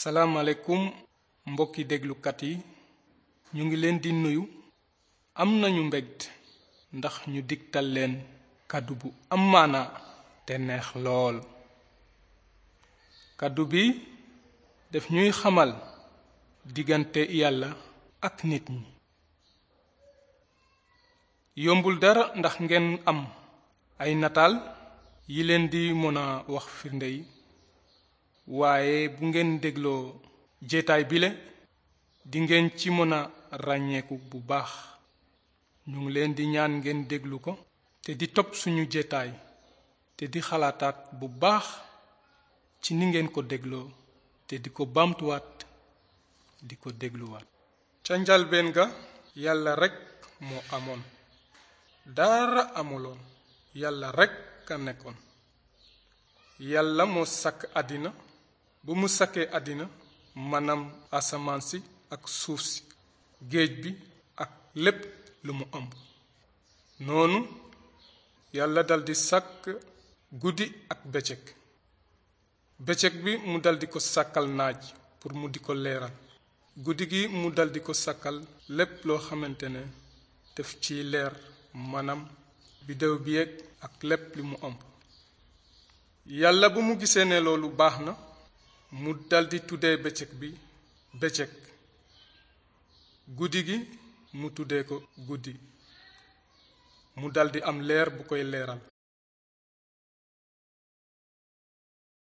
salaamaaleykum mbokki déglukat yi ñu ngi leen di nuyu am nañu mbégte ndax ñu digtal leen kàddu bu amaana te neex lool kàddu bi daf ñuy xamal diggante yàlla ak nit ñi yombul dara ndax ngeen am ay nataal yi leen di mën a wax firnde yi waaye bu ngeen dégloo jeetaay bile di ngeen ci mën a ràññeeku bu baax ñu ngi leen di ñaan ngeen déglu ko te di topp suñu jeetaay te di xalaataat bu baax ci ni ngeen ko dégloo te di ko baamtuwaat di ko dégluwaat ca njalbeen ga yàlla rekk moo amoon daara amuloon yàlla rekk a nekkoon yàlla moo sàkk àddina bu mu sakkee àddina maanaam asamaan si ak suuf si géej bi ak lépp lu mu ëmb noonu yàlla daldi sàkk guddi ak bëccëg bëccëg bi mu daldi ko sàkkal naaj pour mu di ko leeral guddi gi mu daldi ko sàkkal lépp loo xamante ne def ci leer maanaam biddew bi yeeg ak lépp li mu ëmb yàlla bu mu gisee ne loolu baax na mu daldi tuddee bëccëg bi bëccëg guddi gi mu tuddee ko guddi mu daldi am leer bu koy leeral